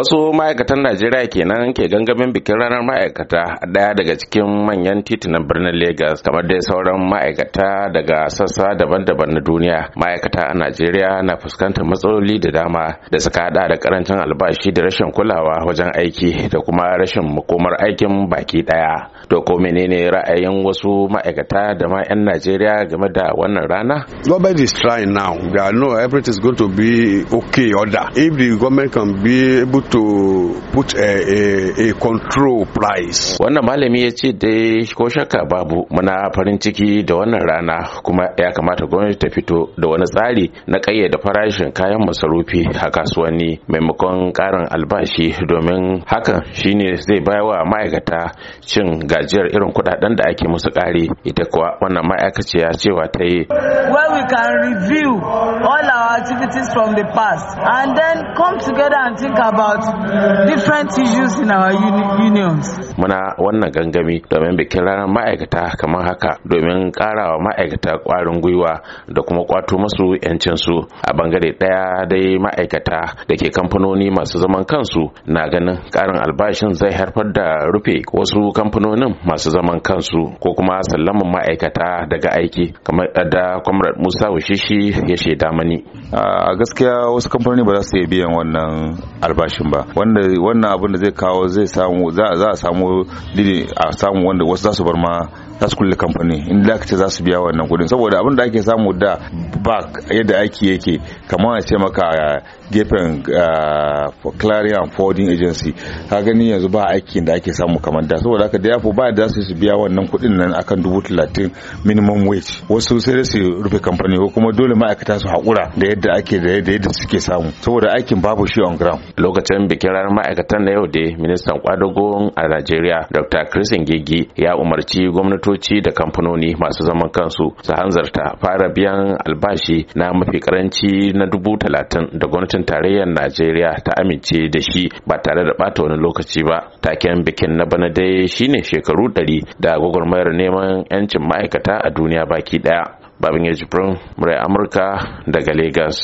wasu ma'aikatan najeriya kenan ke gangamin bikin ranar ma'aikata daya daga cikin manyan titunan birnin Lagos, kamar dai sauran ma'aikata daga sassa daban-daban na duniya ma'aikata a najeriya na fuskantar matsaloli da dama da suka hada da karancin albashi da rashin kulawa wajen aiki da kuma rashin makomar aikin baki daya to ko menene ra'ayin wasu ma'aikata da ma 'yan najeriya game da wannan rana government is trying now they know everything is going to be okay order if the government can be able to put a, a, a control price. Wannan malami ya ce dai ko shakka babu muna farin ciki da wannan rana kuma ya kamata gwamnati ta fito da wani tsari na kayyade farashin kayan masarufi a kasuwanni maimakon karin albashi domin hakan shine zai bayawa ma'aikata cin gajiyar irin kudaden da ake musu kare ita kuwa wannan ma'aikaciya cewa ta yi. Where we can review all activities from the past and then come together and think about different issues in our uni unions. Muna wannan gangami domin bikin ranar ma'aikata kamar haka domin karawa ma'aikata kwarin gwiwa da kuma kwato masu 'yancinsu a bangare daya dai ma'aikata da ke kamfanoni masu zaman kansu na ganin karin albashin zai haifar da rufe wasu kamfanonin masu zaman kansu ko kuma sallaman ma'aikata daga aiki kamar da kwamrat musa wushishi ya shaida mani a gaskiya wasu kamfanoni ba za su iya biyan wannan albashin ba wanda wannan abin da zai kawo zai samu za a samu a samu wanda wasu za su bar ma za su kulle kamfani in da ce za su biya wannan kudin saboda abin da ake samu da ba yadda aiki yake kamar a ce maka gefen clarion forwarding agency ka gani yanzu ba aiki da ake samu kamar da saboda haka da ba da su biya wannan kudin nan akan dubu talatin minimum wage wasu sai da su rufe kamfani ko kuma dole ma'aikata su haƙura da yadda ake da yadda suke samu saboda aikin babu shi on ground lokacin bikin ranar ma'aikatan na yau da ministan kwadago a Najeriya Dr. Chris Ngigi ya umarci gwamnatoci da kamfanoni masu zaman kansu su hanzarta fara biyan albashi na mafi karanci na dubu talatin da gwamnatin tarayyar Najeriya ta amince da shi ba tare da bata wani lokaci ba taken bikin na bana dai shine shekaru ɗari da gwagwarmayar neman 'yancin ma'aikata a duniya baki daya babin ya jibrin murai amurka daga Legas.